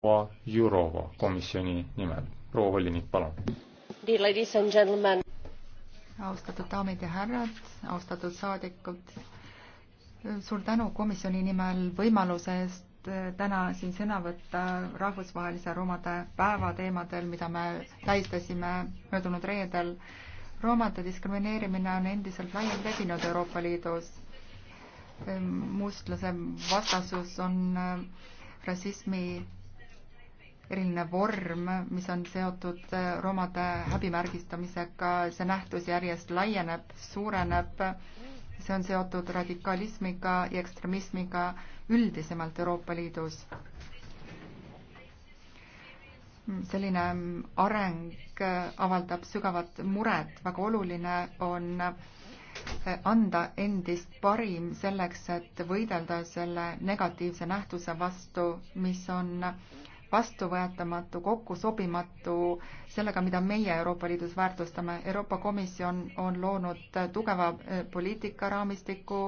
proua Jurova komisjoni nimel. proua volinik, palun. austatud daamid ja härrad, austatud saadikud, suur tänu komisjoni nimel võimaluse eest täna siin sõna võtta rahvusvahelise roomade päeva teemadel, mida me tähistasime möödunud reedel. roomade diskrimineerimine on endiselt laialt levinud Euroopa Liidus. Ehm, mustlase vastasus on ehm, rassismi eriline vorm, mis on seotud äh, romade häbimärgistamisega, see nähtus järjest laieneb, suureneb, see on seotud radikalismiga ja ekstremismiga üldisemalt Euroopa Liidus. selline ähm, areng äh, avaldab sügavat muret, väga oluline on äh, anda endist parim selleks, et võidelda selle negatiivse nähtuse vastu, mis on äh, vastuvõetamatu, kokkusobimatu sellega, mida meie Euroopa Liidus väärtustame. Euroopa Komisjon on loonud tugeva eh, poliitikaraamistiku,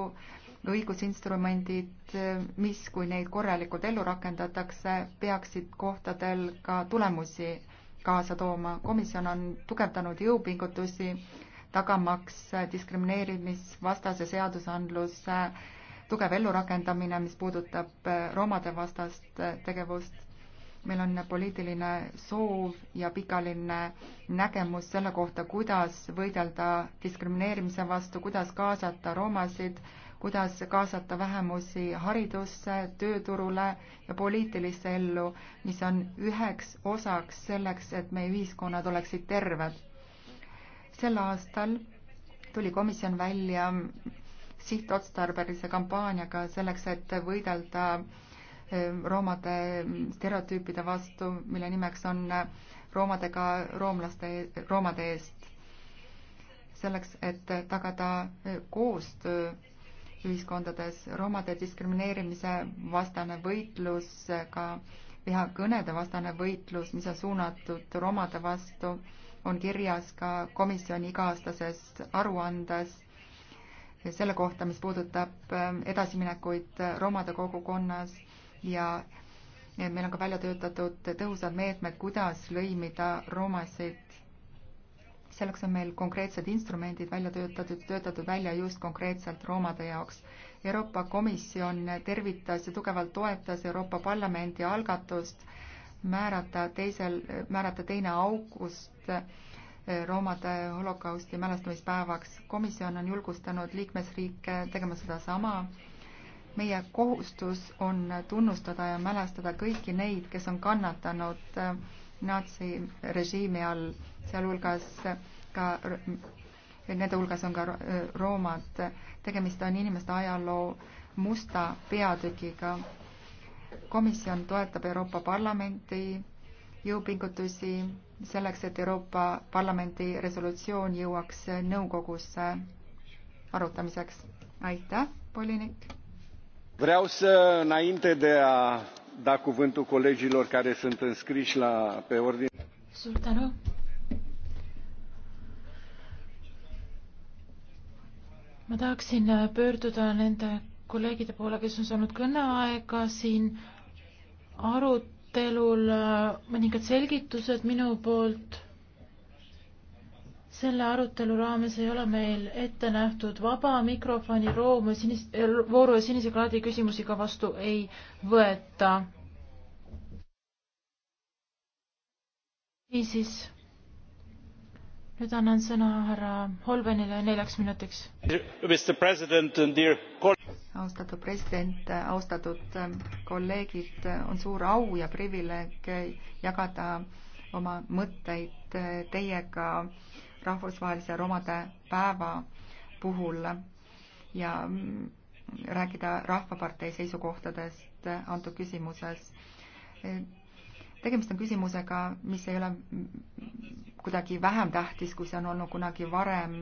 õigusinstrumendid, eh, mis, kui neid korralikult ellu rakendatakse, peaksid kohtadel ka tulemusi kaasa tooma. komisjon on tugevdanud jõupingutusi, tagamaks diskrimineerimisvastase seadusandluse tugev ellurakendamine, mis puudutab eh, roomade vastast tegevust meil on poliitiline soov ja pikaline nägemus selle kohta, kuidas võidelda diskrimineerimise vastu, kuidas kaasata roomasid, kuidas kaasata vähemusi haridusse, tööturule ja poliitilisse ellu, mis on üheks osaks selleks, et meie ühiskonnad oleksid terved. sel aastal tuli komisjon välja sihtotstarbelise kampaaniaga selleks, et võidelda Ehm, roomade stereotüüpide vastu, mille nimeks on äh, roomadega roomlaste, e-, roomade eest. selleks, et äh, tagada äh, koostöö ühiskondades, roomade diskrimineerimise vastane võitlus, ka vihakõnede vastane võitlus, mis on suunatud roomade vastu, on kirjas ka komisjoni iga-aastases aruandes selle kohta, mis puudutab edasiminekuid roomade kogukonnas ja meil on ka välja töötatud tõhusad meetmed, kuidas lõimida romasid. selleks on meil konkreetsed instrumendid välja töötatud, töötatud välja just konkreetselt roomade jaoks. Euroopa Komisjon tervitas ja tugevalt toetas Euroopa Parlamendi algatust määrata teisel, määrata teine august eh, roomade holokausti mälestamispäevaks. komisjon on julgustanud liikmesriike tegema sedasama meie kohustus on tunnustada ja mälestada kõiki neid, kes on kannatanud äh, natsirežiimi all, sealhulgas äh, ka, nende hulgas on ka äh, roomad. tegemist on inimeste ajaloo musta peatükiga. komisjon toetab Euroopa Parlamenti jõupingutusi selleks, et Euroopa Parlamendi resolutsioon jõuaks nõukogusse arutamiseks. aitäh, volinik! vreau să înainte de a da cuvântul colegilor care sunt înscriși la, pe ordine. Suur tänu. ma tahaksin pöörduda nende kolleegide poole, kes on saanud kõneaega siin arutelul, mõningad uh, selgitused minu poolt selle arutelu raames ei ole meil ette nähtud vaba mikrofoni roomu sinis, vooru ja sinise kraadi küsimusi ka vastu ei võeta. niisiis, nüüd annan sõna härra Holvenile neljaks minutiks. austatud president, austatud ähm, kolleegid, on suur au ja privileeg jagada oma mõtteid äh, teiega äh, rahvusvahelise romade päeva puhul ja rääkida Rahvapartei seisukohtadest antud küsimuses. tegemist on küsimusega, mis ei ole kuidagi vähem tähtis, kui see on olnud kunagi varem,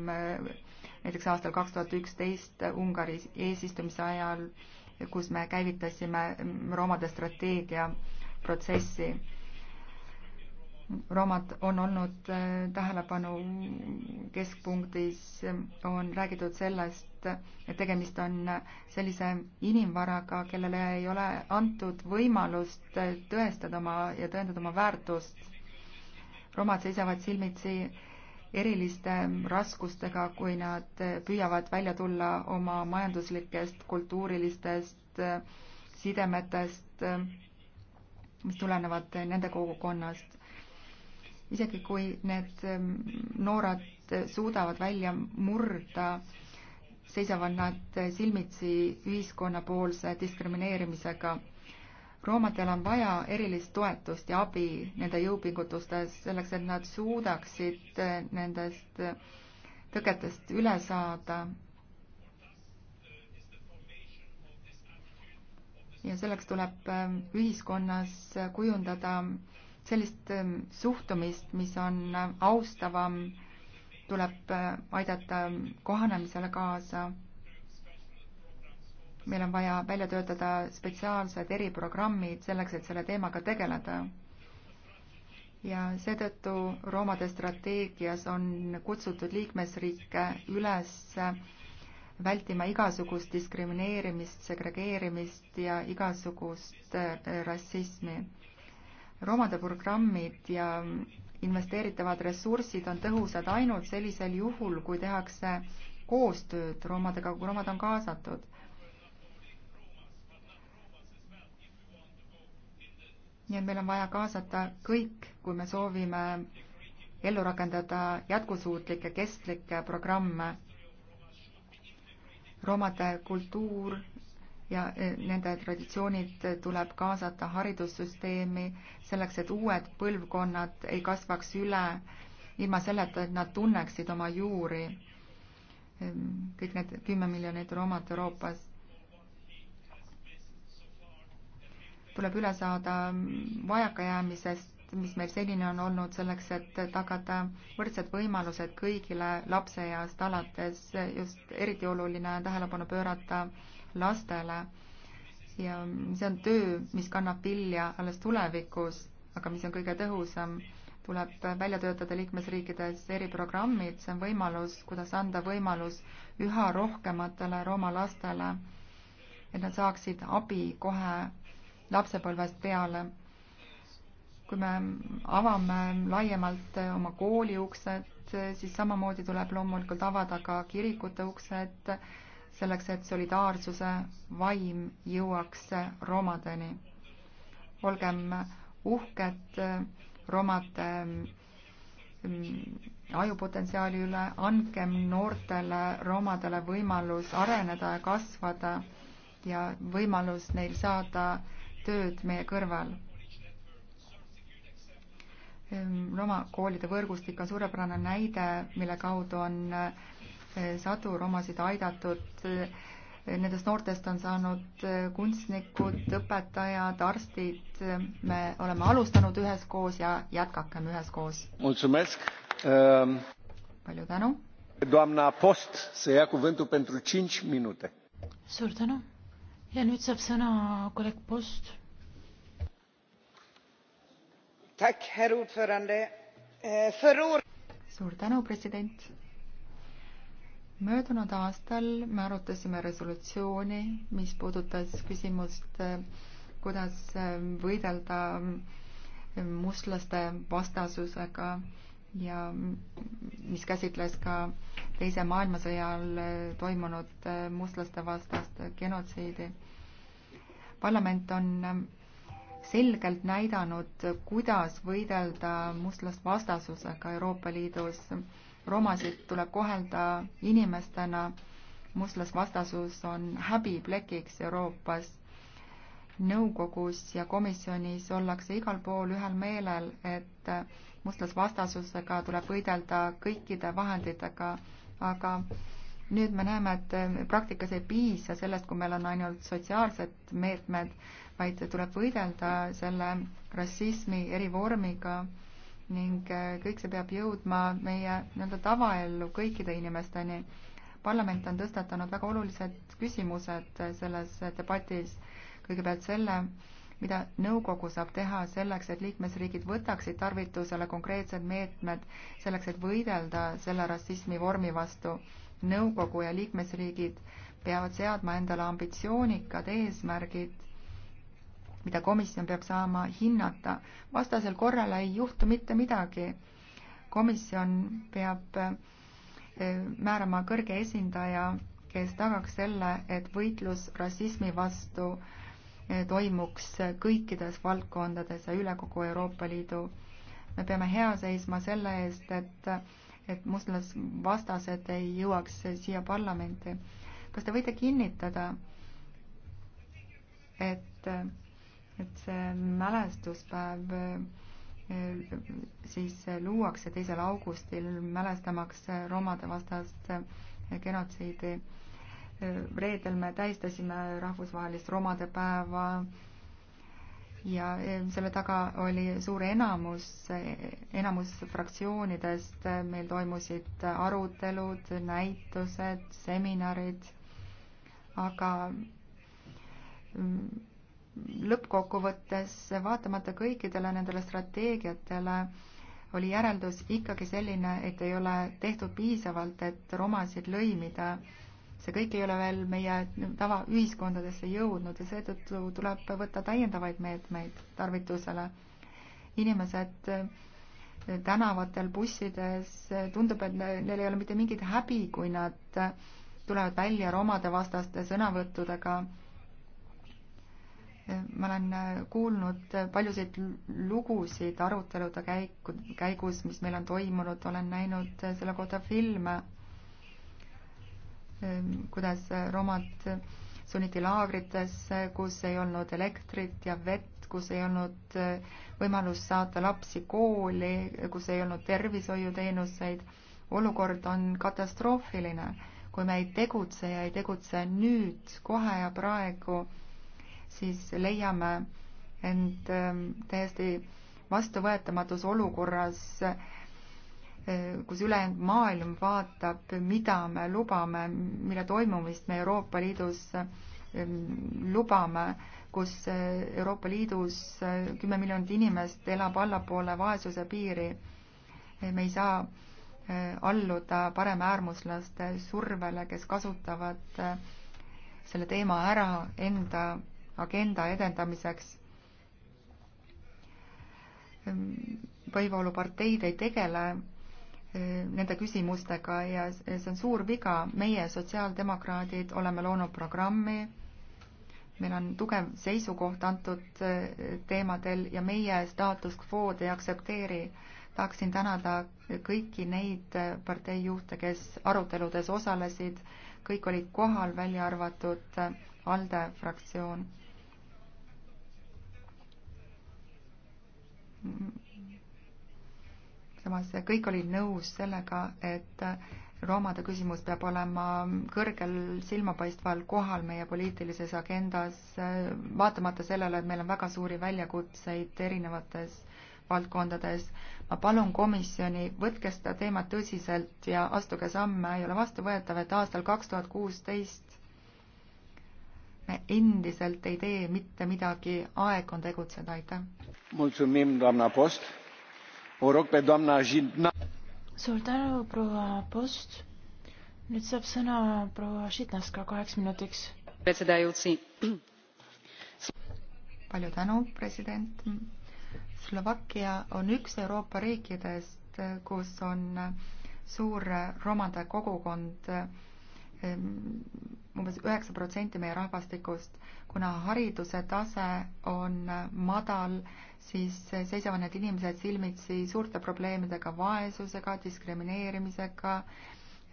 näiteks aastal kaks tuhat üksteist Ungari eesistumise ajal, kus me käivitasime romade strateegia protsessi roomad on olnud äh, tähelepanu keskpunktis, on räägitud sellest, et tegemist on sellise inimvaraga, kellele ei ole antud võimalust tõestada oma ja tõendada oma väärtust. romad seisavad silmitsi eriliste raskustega, kui nad püüavad välja tulla oma majanduslikest, kultuurilistest sidemetest, mis tulenevad nende kogukonnast isegi kui need ähm, noored suudavad välja murda, seisavad nad silmitsi ühiskonnapoolse diskrimineerimisega. roomadel on vaja erilist toetust ja abi nende jõupingutustes, selleks et nad suudaksid äh, nendest äh, tõketest üle saada. ja selleks tuleb ähm, ühiskonnas kujundada sellist ähm, suhtumist, mis on ähm, austavam, tuleb äh, aidata ähm, kohanemisele kaasa. meil on vaja välja töötada spetsiaalsed eriprogrammid selleks, et selle teemaga tegeleda. ja seetõttu Roomade strateegias on kutsutud liikmesriike üles äh, vältima igasugust diskrimineerimist, segregeerimist ja igasugust äh, rassismi romade programmid ja investeeritavad ressursid on tõhusad ainult sellisel juhul, kui tehakse koostööd romadega, kui romad on kaasatud. nii et meil on vaja kaasata kõik, kui me soovime ellu rakendada jätkusuutlikke, kestlikke programme. romade kultuur ja e, nende traditsioonid tuleb kaasata haridussüsteemi selleks, et uued põlvkonnad ei kasvaks üle ilma selleta, et nad tunneksid oma juuri. Ehm, kõik need kümme miljonit roomat Euroopas. tuleb üle saada vajakajäämisest, mis meil senini on olnud selleks, et tagada võrdsed võimalused kõigile lapseeast alates, just eriti oluline on tähelepanu pöörata lastele. ja see on töö, mis kannab vilja alles tulevikus, aga mis on kõige tõhusam, tuleb välja töötada liikmesriikides eriprogrammid, see on võimalus, kuidas anda võimalus üha rohkematele Rooma lastele, et nad saaksid abi kohe lapsepõlvest peale kui me avame laiemalt oma kooli uksed, siis samamoodi tuleb loomulikult avada ka kirikute uksed, selleks, et solidaarsuse vaim jõuaks romadeni. olgem uhked romade mm, ajupotentsiaali üle, andkem noortele romadele võimalus areneda ja kasvada ja võimalus neil saada tööd meie kõrval. Ehm, Roma koolide võrgustik on suurepärane näide, mille kaudu on äh, sadu romasid aidatud. Nendest noortest on saanud kunstnikud, õpetajad, arstid. me oleme alustanud üheskoos ja jätkakem üheskoos. Ähm, palju tänu. Doamna Post, see jää cuvântul pentru 5 minute. Suur tänu. Ja nüüd saab sõna kolleeg Post. Tack, herr ordförande. Äh, Förra året... Suur tänu, president möödunud aastal me arutasime resolutsiooni, mis puudutas küsimust, kuidas võidelda mustlaste vastasusega ja mis käsitles ka Teise maailmasõja ajal toimunud mustlaste vastast genotsiidi. parlament on selgelt näidanud, kuidas võidelda mustlast vastasusega Euroopa Liidus romasid tuleb kohelda inimestena. mustlasvastasus on häbiplekiks Euroopas. nõukogus ja komisjonis ollakse igal pool ühel meelel, et mustlasvastasusega tuleb võidelda kõikide vahenditega, aga nüüd me näeme, et praktikas ei piisa sellest, kui meil on ainult sotsiaalsed meetmed, vaid tuleb võidelda selle rassismi erivormiga ning äh, kõik see peab jõudma meie nii-öelda tavaellu kõikide inimesteni. parlament on tõstatanud väga olulised küsimused äh, selles äh, debatis. kõigepealt selle, mida nõukogu saab teha selleks, et liikmesriigid võtaksid tarvitusele konkreetsed meetmed selleks, et võidelda selle rassismi vormi vastu. nõukogu ja liikmesriigid peavad seadma endale ambitsioonikad eesmärgid mida komisjon peab saama hinnata. vastasel korral ei juhtu mitte midagi. komisjon peab eh, määrama kõrge esindaja, kes tagaks selle, et võitlus rassismi vastu eh, toimuks kõikides valdkondades ja üle kogu Euroopa Liidu. me peame hea seisma selle eest, et, et moslemisvastased ei jõuaks siia parlamenti. kas te võite kinnitada, et et see mälestuspäev siis luuakse teisel augustil, mälestamaks romade vastast genotsiidi. reedel me tähistasime rahvusvahelist romade päeva ja selle taga oli suur enamus, enamus fraktsioonidest, meil toimusid arutelud, näitused, seminarid, aga lõppkokkuvõttes vaatamata kõikidele nendele strateegiatele oli järeldus ikkagi selline, et ei ole tehtud piisavalt, et romasid lõimida. see kõik ei ole veel meie tavaühiskondadesse jõudnud ja seetõttu tuleb võtta täiendavaid meetmeid tarvitusele. inimesed tänavatel, bussides, tundub, et neil ei ole mitte mingit häbi, kui nad tulevad välja romade vastaste sõnavõttudega ma olen äh, kuulnud paljusid lugusid arutelude käiku, käigus, mis meil on toimunud, olen näinud äh, selle kohta filme, ähm, kuidas äh, romad sunniti laagritesse, kus ei olnud elektrit ja vett, kus ei olnud võimalust saata lapsi kooli, kus ei olnud tervishoiuteenuseid. olukord on katastroofiline. kui me ei tegutse ja ei tegutse nüüd, kohe ja praegu, siis leiame end ähm, täiesti vastuvõetamatus olukorras, äh, kus ülejäänud maailm vaatab, mida me lubame, mille toimumist me Euroopa Liidus ähm, lubame, kus äh, Euroopa Liidus äh, kümme miljonit inimest elab allapoole vaesuse piiri. me ei saa alluda paremäärmuslaste survele, kes kasutavad selle teema ära enda agenda edendamiseks. Võivooluparteid ei tegele eh, nende küsimustega ja see on suur viga. meie, sotsiaaldemokraadid, oleme loonud programmi, meil on tugev seisukoht antud eh, teemadel ja meie staatus quo'd ei aktsepteeri. tahaksin tänada kõiki neid eh, parteijuhte, kes aruteludes osalesid, kõik olid kohal, välja arvatud ALDE fraktsioon samas kõik olid nõus sellega, et roomade küsimus peab olema kõrgel silmapaistval kohal meie poliitilises agendas, vaatamata sellele, et meil on väga suuri väljakutseid erinevates valdkondades. ma palun komisjoni, võtke seda teemat tõsiselt ja astuge samme, ei ole vastuvõetav, et aastal kaks tuhat kuusteist me endiselt ei tee mitte midagi, aeg on tegutseda, aitäh. mulțumim, doamna Post o rog pe doamna Jitna. suur tänu, proua Post. nüüd saab sõna proua Žitnaska kaheks minutiks. palju tänu, president. Slovakkia on üks Euroopa riikidest, kus on suur romade kogukond Ehm, umbes üheksa protsenti meie rahvastikust. kuna hariduse tase on madal, siis seisavad need inimesed silmitsi suurte probleemidega, vaesusega, diskrimineerimisega,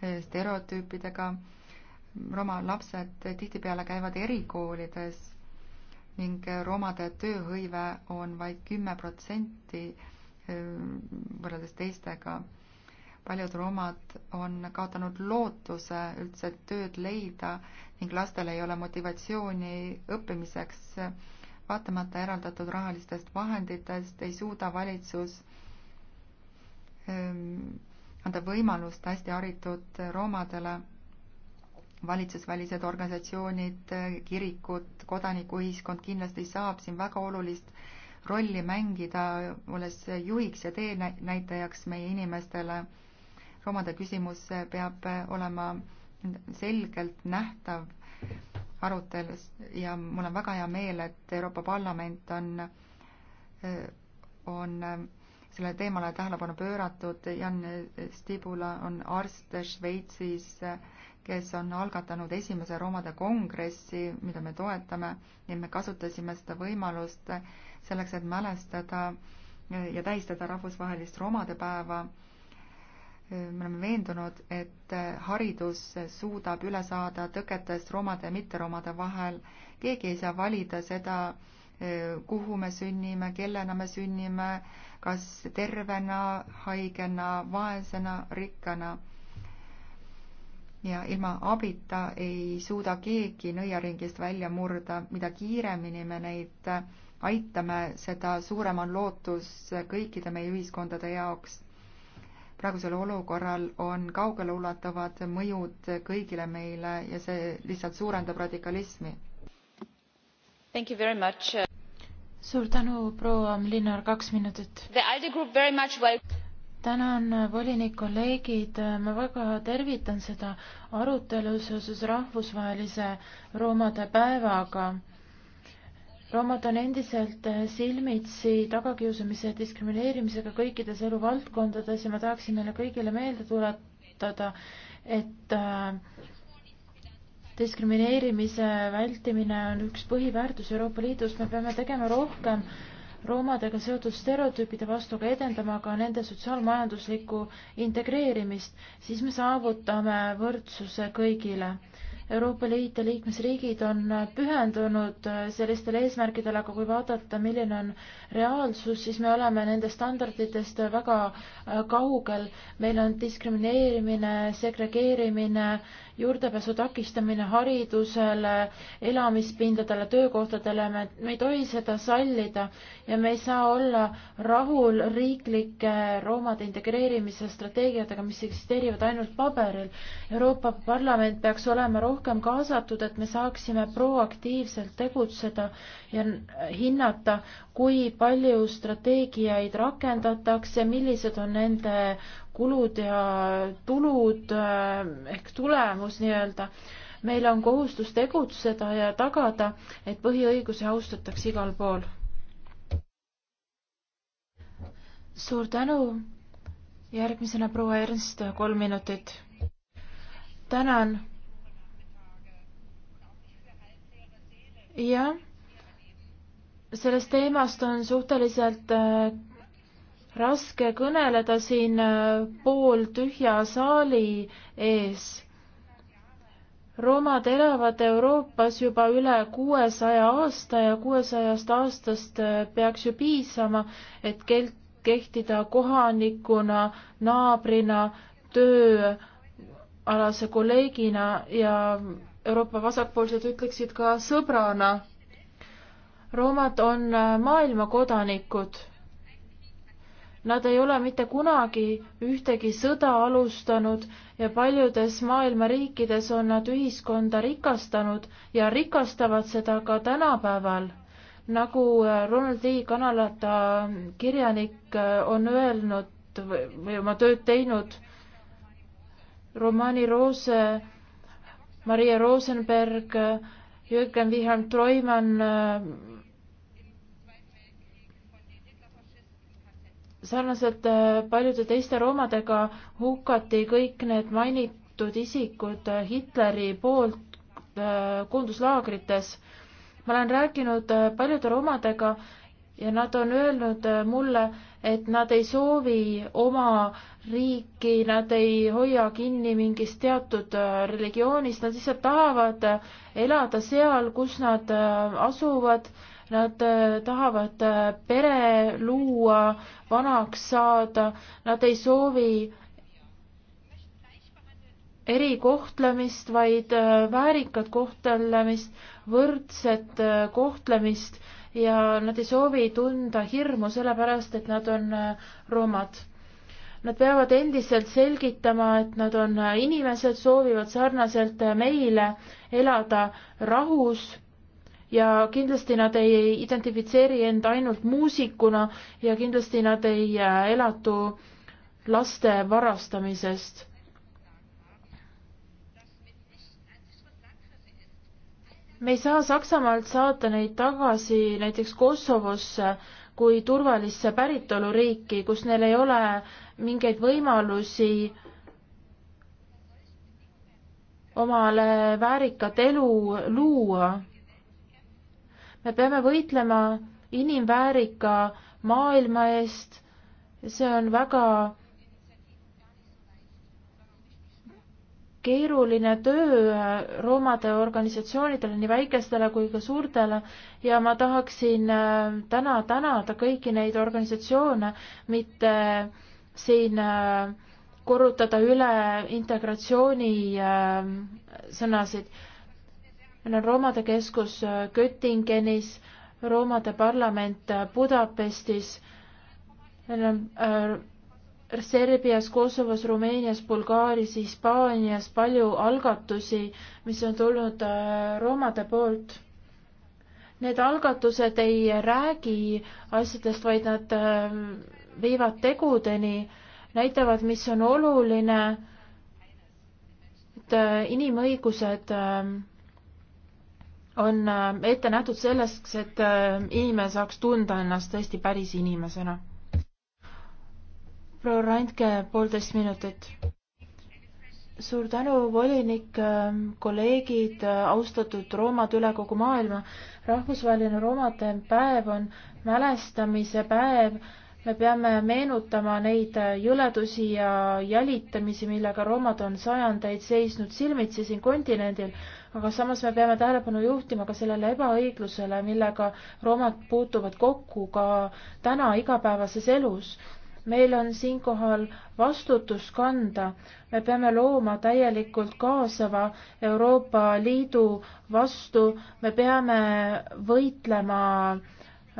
eh, stereotüüpidega. Roma lapsed tihtipeale käivad erikoolides ning romade tööhõive on vaid kümme protsenti eh, võrreldes teistega paljud roomad on kaotanud lootuse üldse tööd leida ning lastel ei ole motivatsiooni õppimiseks. vaatamata eraldatud rahalistest vahenditest ei suuda valitsus ehm, anda võimalust hästi haritud roomadele. valitsusvälised organisatsioonid, kirikud, kodanikuühiskond kindlasti saab siin väga olulist rolli mängida, olles juhiks ja teenäitajaks meie inimestele romade küsimus peab äh, olema selgelt nähtav arutelus ja mul on väga hea meel, et Euroopa Parlament on, äh, on äh, sellele teemale tähelepanu pööratud. Jan Stibula on arst Šveitsis, kes on algatanud esimese romade kongressi, mida me toetame ja me kasutasime seda võimalust selleks, et mälestada ja tähistada rahvusvahelist romade päeva me oleme veendunud, et haridus suudab üle saada tõketest romade ja mitteromade vahel. keegi ei saa valida seda, kuhu me sünnime, kellena me sünnime, kas tervena, haigena, vaesena, rikkana. ja ilma abita ei suuda keegi nõiaringist välja murda, mida kiiremini me neid aitame, seda suurem on lootus kõikide meie ühiskondade jaoks praegusel olukorral on kaugeleulatuvad mõjud kõigile meile ja see lihtsalt suurendab radikalismi. suur tänu, proua Linnar, kaks minutit. tänan, volinik, kolleegid, ma väga tervitan seda arutelu seoses rahvusvahelise roomade päevaga roomad on endiselt äh, silmitsi tagakiusamise ja diskrimineerimisega kõikides eluvaldkondades ja ma tahaksin meile kõigile meelde tuletada, et äh, diskrimineerimise vältimine on üks põhiväärtus Euroopa Liidus, me peame tegema rohkem roomadega seotud stereotüüpide vastu ka edendama ka nende sotsiaalmajanduslikku integreerimist, siis me saavutame võrdsuse kõigile Euroopa Liit ja liikmesriigid on pühendunud äh, sellistele eesmärkidele, aga kui vaadata, milline on reaalsus, siis me oleme nendest standarditest väga äh, kaugel. meil on diskrimineerimine, segregeerimine, juurdepääsu takistamine haridusele, elamispindadele, töökohtadele, me, me ei tohi seda sallida ja me ei saa olla rahul riiklike roomade integreerimise strateegiatega, mis eksisteerivad ainult paberil. Euroopa Parlament peaks olema rohkem kaasatud, et me saaksime proaktiivselt tegutseda ja hinnata, kui palju strateegiaid rakendatakse, millised on nende kulud ja tulud äh, ehk tulemus nii-öelda. meil on kohustus tegutseda ja tagada, et põhiõigusi austatakse igal pool. suur tänu. järgmisena proua Ernst, kolm minutit. tänan. jah, sellest teemast on suhteliselt äh, raske kõneleda siin äh, pooltühja saali ees. roomad elavad Euroopas juba üle kuuesaja aasta ja kuuesajast aastast äh, peaks ju piisama, et kelt kehtida kohanikuna, naabrina, tööalase kolleegina ja Euroopa vasakpoolsed ütleksid ka sõbrana. roomad on äh, maailmakodanikud Nad ei ole mitte kunagi ühtegi sõda alustanud ja paljudes maailma riikides on nad ühiskonda rikastanud ja rikastavad seda ka tänapäeval. nagu äh, Ronald D. Kanalata äh, kirjanik äh, on öelnud või oma tööd teinud, Romani Roose, Maria Rosenberg, Jürgen Wilhelm Treumann, sarnaselt äh, paljude teiste roomadega hukati kõik need mainitud isikud äh, Hitleri poolt äh, koonduslaagrites. ma olen rääkinud paljude roomadega ja nad on öelnud mulle, et nad ei soovi oma riiki, nad ei hoia kinni mingist teatud religioonist, nad lihtsalt tahavad elada seal, kus nad asuvad Nad äh, tahavad äh, pere luua, vanaks saada, nad ei soovi erikohtlemist, vaid äh, väärikat kohtlemist, võrdset kohtlemist ja nad ei soovi tunda hirmu sellepärast, et nad on romad. Nad peavad endiselt selgitama, et nad on inimesed, soovivad sarnaselt meile elada rahus ja kindlasti nad ei identifitseeri end ainult muusikuna ja kindlasti nad ei äh, elatu laste varastamisest. me ei saa Saksamaalt saata neid tagasi näiteks Kosovosse kui turvalisse päritoluriiki, kus neil ei ole mingeid võimalusi omale väärikat elu luua me peame võitlema inimväärika maailma eest, see on väga keeruline töö äh, roomade organisatsioonidele, nii väikestele kui ka suurtele ja ma tahaksin äh, täna tänada kõiki neid organisatsioone, mitte siin äh, korrutada üle integratsiooni sõnasid meil on Roomade keskus äh, Göttingenis, Roomade parlament äh, Budapestis, meil on äh, Serbias, Kosovos, Rumeenias, Bulgaarias, Hispaanias palju algatusi, mis on tulnud äh, roomade poolt. Need algatused ei räägi asjadest, vaid nad ähm, viivad tegudeni, näitavad, mis on oluline, et inimõigused äh, on äh, ette nähtud selleks, et äh, inimene saaks tunda ennast tõesti päris inimesena. proua Randke, poolteist minutit. suur tänu, volinik, äh, kolleegid, austatud roomad üle kogu maailma. rahvusvaheline roomade päev on mälestamise päev me peame meenutama neid jõledusi ja jälitamisi, millega roomad on sajandeid seisnud silmitsi siin kontinendil, aga samas me peame tähelepanu juhtima ka sellele ebaõiglusele, millega roomad puutuvad kokku ka täna igapäevases elus. meil on siinkohal vastutus kanda, me peame looma täielikult kaasava Euroopa Liidu vastu, me peame võitlema äh,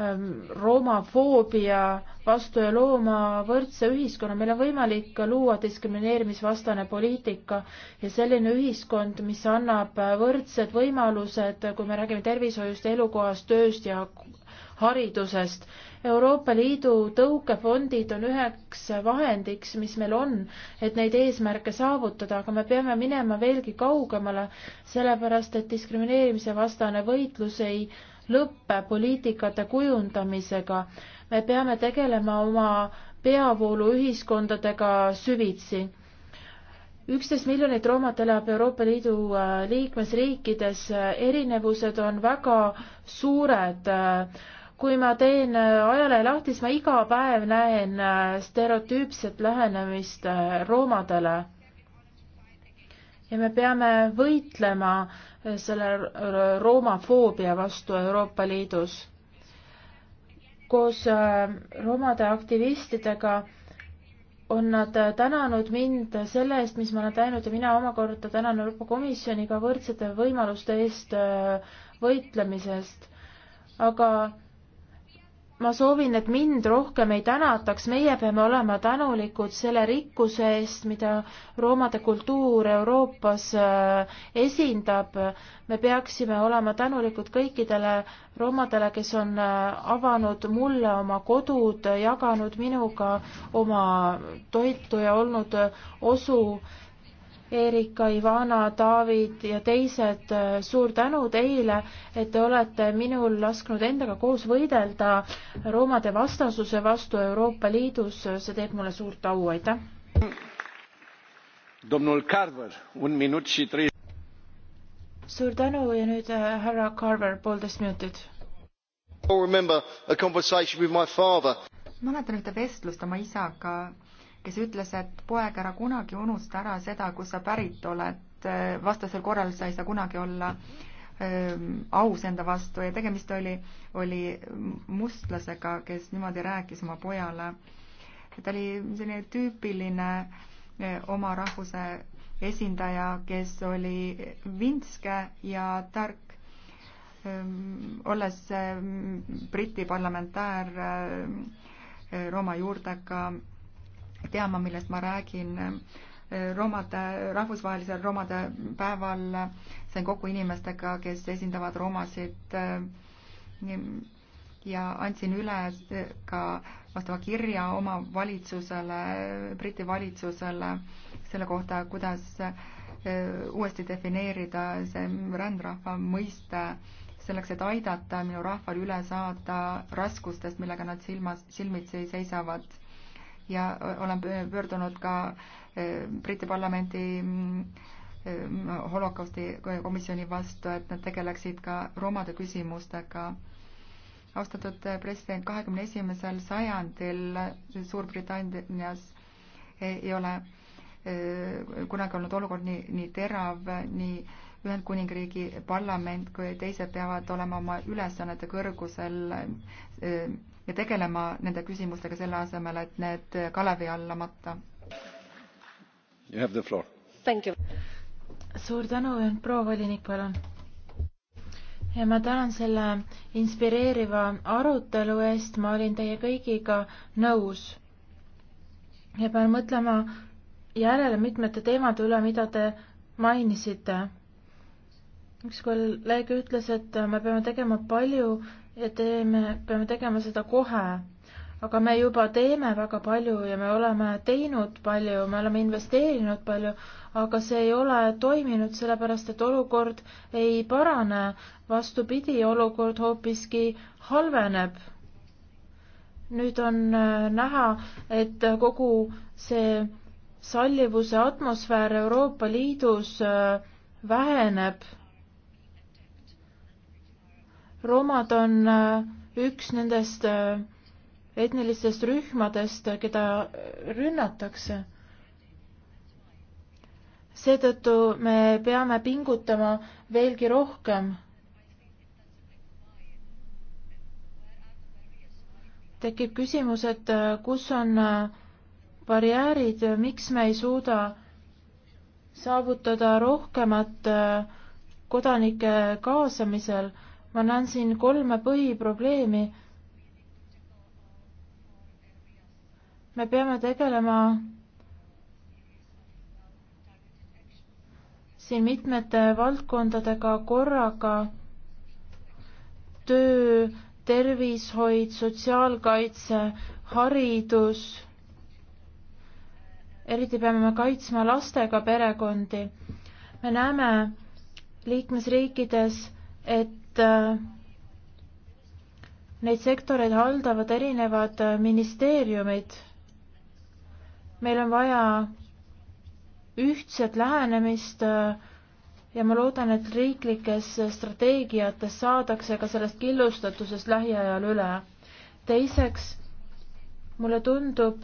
Ähm, roomafoobia vastu ja looma võrdse ühiskonna. meil on võimalik luua diskrimineerimisvastane poliitika ja selline ühiskond, mis annab võrdsed võimalused, kui me räägime tervishoiust, elukohast, tööst ja haridusest. Euroopa Liidu tõukefondid on üheks vahendiks, mis meil on, et neid eesmärke saavutada, aga me peame minema veelgi kaugemale, sellepärast et diskrimineerimise vastane võitlus ei lõppe poliitikate kujundamisega. me peame tegelema oma peavooluühiskondadega süvitsi üksteist miljonit roomat elab Euroopa Liidu äh, liikmesriikides, erinevused on väga suured. kui ma teen äh, ajalehe lahti, siis ma iga päev näen äh, stereotüüpset lähenemist roomadele ja me peame võitlema selle roomafoobia vastu Euroopa Liidus. koos äh, romade aktivistidega on nad tänanud mind selle eest, mis ma olen teinud ja mina omakorda tänan Euroopa Komisjoni ka võrdsete võimaluste eest äh, võitlemisest. aga ma soovin, et mind rohkem ei tänataks, meie peame olema tänulikud selle rikkuse eest, mida roomade kultuur Euroopas äh, esindab. me peaksime olema tänulikud kõikidele roomadele, kes on äh, avanud mulle oma kodud, jaganud minuga oma toitu ja olnud äh, osu Erika, Ivana, David ja teised, äh, suur tänu teile, et te olete minul lasknud endaga koos võidelda roomade vastasuse vastu Euroopa Liidus, see teeb mulle suurt au, aitäh. suur tänu ja nüüd äh, härra Carver, poolteist minutit. mäletan ühte vestlust oma isaga kes ütles, et poeg, ära kunagi unusta ära seda, kust sa pärit oled, vastasel korral sa ei saa kunagi olla ähm, aus enda vastu ja tegemist oli, oli mustlasega, kes niimoodi rääkis oma pojale. ta oli selline tüüpiline äh, oma rahvuse esindaja, kes oli vintske ja tark. Ähm, olles ähm, Briti parlamentäär äh, Rooma juurtega teama, millest ma räägin. Eh, romade, rahvusvahelisel romade päeval sain kokku inimestega, kes esindavad romasid eh, ja andsin üle eh, ka vastava kirja oma valitsusele, Briti valitsusele selle kohta, kuidas uuesti defineerida see rändrahva mõiste selleks, et aidata minu rahval üle saada raskustest, millega nad silmas, silmitsi seisavad ja olen pöördunud ka eh, Briti parlamendi mm, eh, holokausti komisjoni vastu, et nad tegeleksid ka romade küsimustega austatud eh, president, kahekümne esimesel sajandil Suurbritannias ei ole kunagi olnud olukord nii, nii terav, nii Ühendkuningriigi parlament kui teised peavad olema oma ülesannete kõrgusel ja tegelema nende küsimustega selle asemel, et need kalevi alla matta. suur tänu, proua volinik, palun. ja ma tänan selle inspireeriva arutelu eest, ma olin teie kõigiga nõus. ja pean mõtlema järele mitmete teemade üle, mida te mainisite. üks kolleeg ütles, et me peame tegema palju ja teeme, peame tegema seda kohe. aga me juba teeme väga palju ja me oleme teinud palju, me oleme investeerinud palju, aga see ei ole toiminud, sellepärast et olukord ei parane. vastupidi, olukord hoopiski halveneb. nüüd on äh, näha, et kogu see sallivuse atmosfäär Euroopa Liidus äh, väheneb roomad on äh, üks nendest äh, etnilistest rühmadest, keda rünnatakse. seetõttu me peame pingutama veelgi rohkem. tekib küsimus, et äh, kus on barjäärid, miks me ei suuda saavutada rohkemat kodanike kaasamisel ma näen siin kolme põhiprobleemi. me peame tegelema siin mitmete valdkondadega korraga, töö, tervishoid, sotsiaalkaitse, haridus, eriti peame me kaitsma lastega perekondi. me näeme liikmesriikides, et Äh, neid sektoreid haldavad erinevad äh, ministeeriumid. meil on vaja ühtset lähenemist äh, ja ma loodan, et riiklikes strateegiates saadakse ka sellest killustatusest lähiajal üle. teiseks, mulle tundub,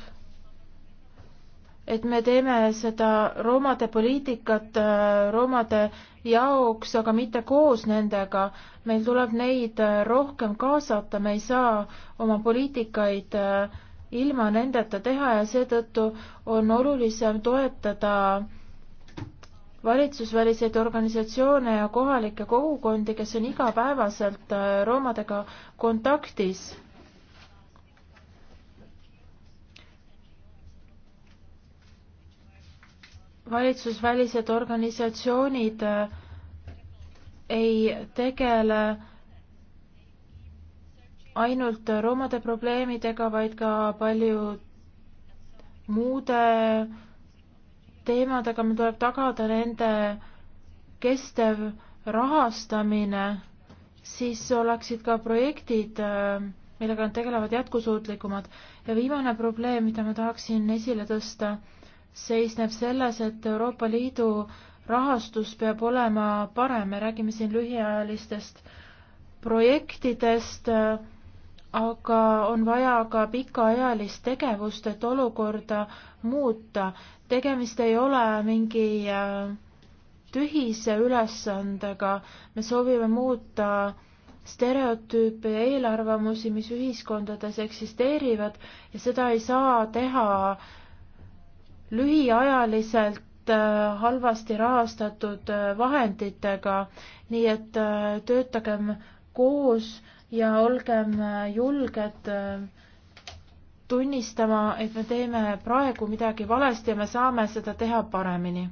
et me teeme seda roomade poliitikat äh, roomade jaoks, aga mitte koos nendega. meil tuleb neid äh, rohkem kaasata, me ei saa oma poliitikaid äh, ilma nendeta teha ja seetõttu on olulisem toetada valitsusväliseid organisatsioone ja kohalikke kogukondi, kes on igapäevaselt roomadega kontaktis valitsusvälised organisatsioonid äh, ei tegele ainult roomade probleemidega, vaid ka palju muude teemadega, meil tuleb tagada nende kestev rahastamine, siis oleksid ka projektid, äh, millega nad tegelevad, jätkusuutlikumad. ja viimane probleem, mida ma tahaksin esile tõsta seisneb selles, et Euroopa Liidu rahastus peab olema parem, me räägime siin lühiajalistest projektidest, aga on vaja ka pikaajalist tegevust, et olukorda muuta. tegemist ei ole mingi äh, tühise ülesandega, me soovime muuta stereotüüpe ja eelarvamusi, mis ühiskondades eksisteerivad ja seda ei saa teha lühiajaliselt äh, halvasti rahastatud äh, vahenditega, nii et äh, töötagem koos ja olgem julged tunnistama, et me teeme praegu midagi valesti ja me saame seda teha paremini